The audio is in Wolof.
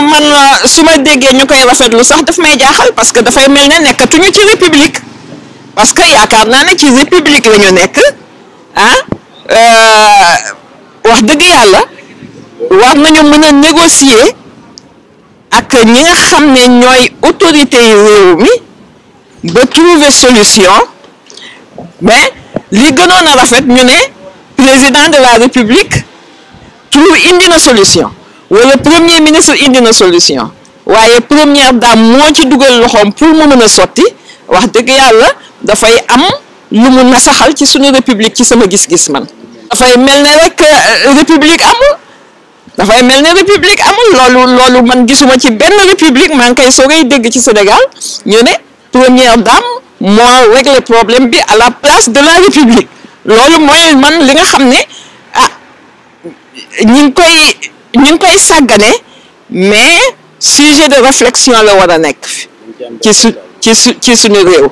loolu man su ma déggee ñu koy rafetlu sax daf may jaaxal parce que dafay mel ne nekkatuñu ci république parce que yaakaar naa ne ci république la ñu nekk ah euh, wax dëgg yàlla war nañu mën a négocier ak ñi nga xam ne ñooy autorité yi réew mi ba trouver solution mais li gënoon a rafet ñu ne président de la république trouve indi na solution wala premier ministre indi na solution waaye première dame moo ci dugal loxoom pour mu mën a sotti wax dëgg yàlla dafay am lu mu nasaxal ci suñu république ci sama gis-gis man. dafay mel ne rek euh, république amul dafay mel ne république amul loolu loolu man gisuma ci benn république maa ngi koy soogay dégg ci Sénégal ñu ne première dame moo régler problème bi à la place de la république loolu mooy man li nga xam ne ah ñi ngi koy. ñu ngi koy sàggane mais sujet de réflexion la war a nekk ci su ci réew